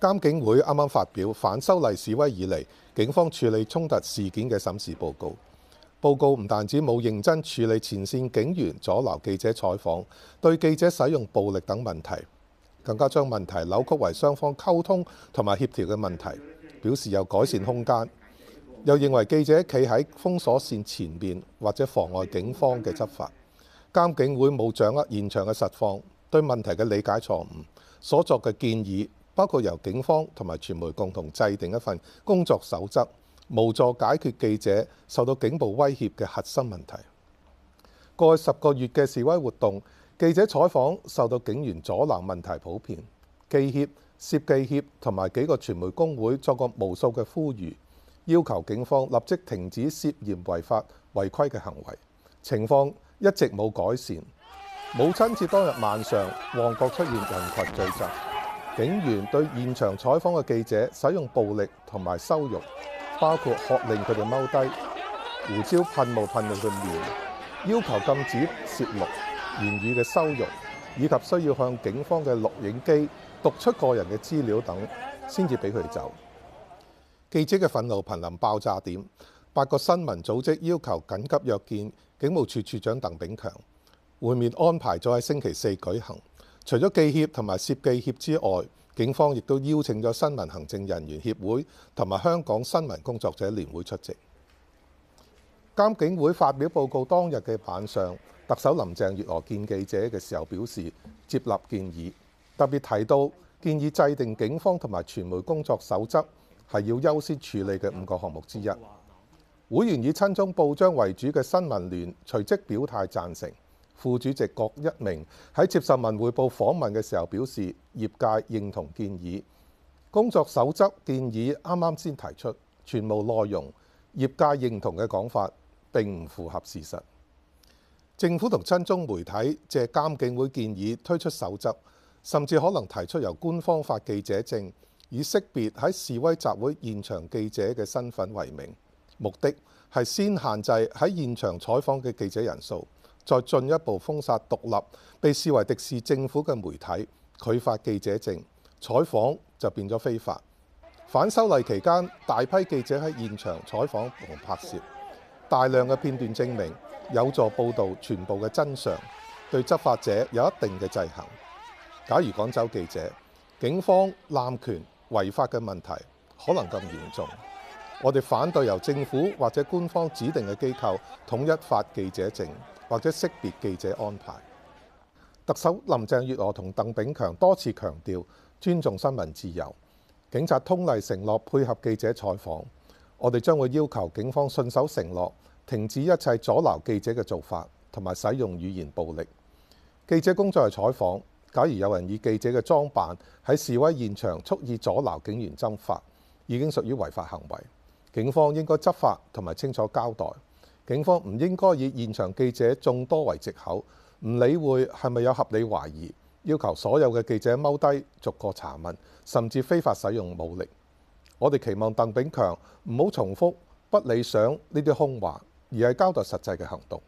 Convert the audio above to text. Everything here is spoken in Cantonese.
監警會啱啱發表反修例示威以嚟，警方處理衝突事件嘅審視報告。報告唔單止冇認真處理前線警員阻撓記者採訪、對記者使用暴力等問題，更加將問題扭曲為雙方溝通同埋協調嘅問題，表示有改善空間。又認為記者企喺封鎖線前面或者妨礙警方嘅執法。監警會冇掌握現場嘅實況，對問題嘅理解錯誤，所作嘅建議，包括由警方同埋傳媒共同制定一份工作守則，無助解決記者受到警暴威脅嘅核心問題。過去十個月嘅示威活動，記者採訪受到警員阻攔問題普遍。記協、攝記協同埋幾個傳媒工會作過無數嘅呼籲，要求警方立即停止涉嫌違法違規嘅行為。情況一直冇改善。母親節當日晚上，旺角出現人群聚集。警員對現場採訪嘅記者使用暴力同埋羞辱，包括喝令佢哋踎低、胡椒噴霧噴到佢面，要求禁止攝錄言語嘅羞辱，以及需要向警方嘅錄影機讀出個人嘅資料等，先至俾佢哋走。記者嘅憤怒瀕臨爆炸點，八個新聞組織要求緊急約見警務處處長鄧炳強，會面安排咗喺星期四舉行。除咗記協同埋攝記協之外，警方亦都邀請咗新聞行政人員協會同埋香港新聞工作者聯會出席。監警會發表報告當日嘅晚上，特首林鄭月娥見記者嘅時候表示接納建議，特別提到建議制定警方同埋傳媒工作守則係要優先處理嘅五個項目之一。會員以親中報章為主嘅新聞聯隨即表態贊成。副主席郭一鳴喺接受《文匯報》訪問嘅時候表示，業界認同建議工作守則。建議啱啱先提出，全部內容業界認同嘅講法並唔符合事實。政府同親中媒體借監警會建議推出守則，甚至可能提出由官方發記者證以識別喺示威集會現場記者嘅身份為名，目的係先限制喺現場採訪嘅記者人數。再進一步封殺獨立、被視為敵視政府嘅媒體，拒發記者證，採訪就變咗非法。反修例期間，大批記者喺現場採訪同拍攝，大量嘅片段證明有助報導全部嘅真相，對執法者有一定嘅制衡。假如趕走記者，警方濫權違法嘅問題可能更嚴重。我哋反對由政府或者官方指定嘅機構統一發記者證或者識別記者安排。特首林鄭月娥同鄧炳強多次強調尊重新聞自由，警察通例承諾配合記者採訪。我哋將會要求警方信守承諾，停止一切阻撓記者嘅做法，同埋使用語言暴力。記者工作係採訪，假如有人以記者嘅裝扮喺示威現場蓄意阻撓警員執法，已經屬於違法行為。警方應該執法同埋清楚交代，警方唔應該以現場記者眾多為藉口，唔理會係咪有合理懷疑，要求所有嘅記者踎低逐個查問，甚至非法使用武力。我哋期望鄧炳強唔好重複不理想呢啲空話，而係交代實際嘅行動。